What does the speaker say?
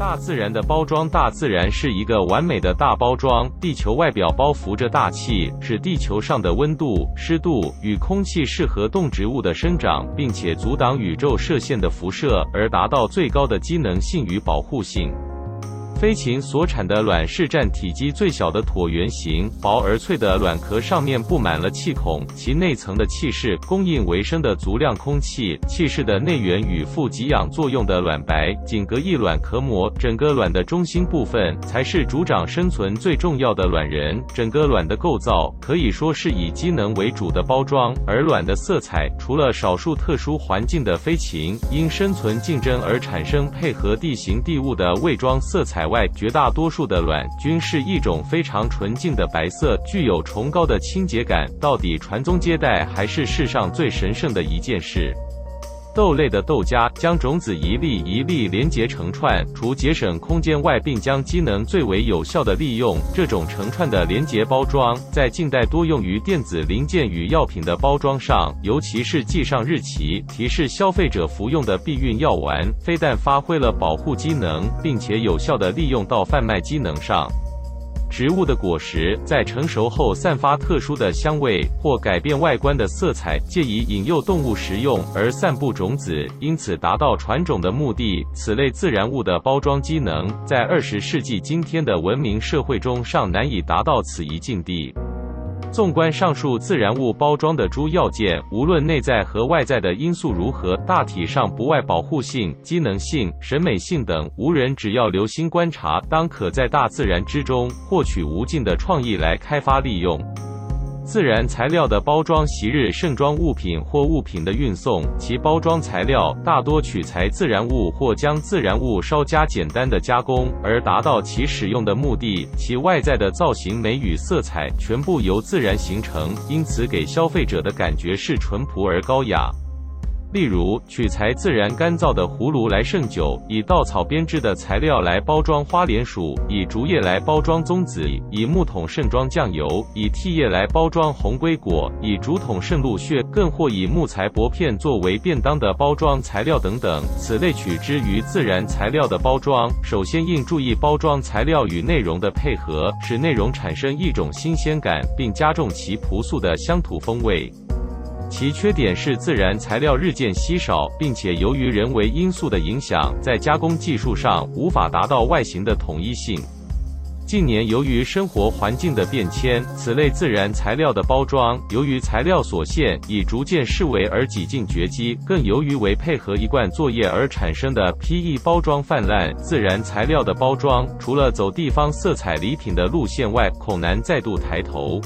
大自然的包裝，大自然是一個完美的大包裝。地球外表包覆着大氣，使地球上的溫度、濕度與空氣適合動植物的生長，並且阻擋宇宙射線的輻射，而達到最高的機能性與保護性。飛禽所產的卵是占體積最小的橢圓形、薄而脆的卵殼，上面布滿了氣孔，其內層的氣室供應維生的足量空氣。氣室的內緣與負給氧作用的卵白僅隔一卵殼膜，整個卵的中心部分才是主掌生存最重要的卵仁。整個卵的構造可以說是以機能為主的包裝，而卵的色彩，除了少數特殊環境的飛禽因生存競爭而產生配合地形地物的偽裝色彩。外，絕大多數的卵均是一種非常純淨的白色，具有崇高的清潔感。到底傳宗接代還是世上最神聖的一件事？豆類的豆莢將種子一粒一粒連結成串，除節省空間外，並將機能最為有效的利用。這種成串的連結包裝，在近代多用於電子零件與藥品的包裝上，尤其是記上日期，提示消費者服用的避孕藥丸，非但發揮了保護機能，並且有效的利用到販賣機能上。植物的果實在成熟後，散發特殊的香味或改變外觀的色彩，借以引誘動物食用而散布種子，因此達到傳種的目的。此類自然物的包裝機能，在二十世紀今天的文明社會中尚難以達到此一境地。縱觀上述自然物包裝的諸要件，無論內在和外在的因素如何，大體上不外保護性、機能性、審美性等，吾人只要留心觀察，當可在大自然之中獲取無盡的創意來開發利用。自然材料的包裝，昔日盛裝物品或物品的運送，其包裝材料大多取材自然物，或將自然物稍加簡單的加工，而達到其使用的目的。其外在的造型美與色彩全部由自然形成，因此給消費者的感覺是淳樸而高雅。例如，取材自然乾燥的葫蘆來盛酒，以稻草編織的材料來包裝花蓮薯，以竹葉來包裝粽子，以木桶盛裝醬油，以替葉來包裝紅龜果，以竹筒盛鹿血，更或以木材薄片作為便當的包裝材料等等。此類取之於自然材料的包裝，首先應注意包裝材料與內容的配合，使內容產生一種新鮮感，並加重其樸素的鄉土風味。其缺點是自然材料日漸稀少，並且由於人為因素的影響，在加工技術上無法達到外形的統一性。近年由於生活環境的變遷，此類自然材料的包裝，由於材料所限，已逐漸式微而幾近絕迹。更由於為配合一貫作業而產生的 PE 包裝泛濫，自然材料的包裝除了走地方色彩禮品的路線外，恐難再度抬頭。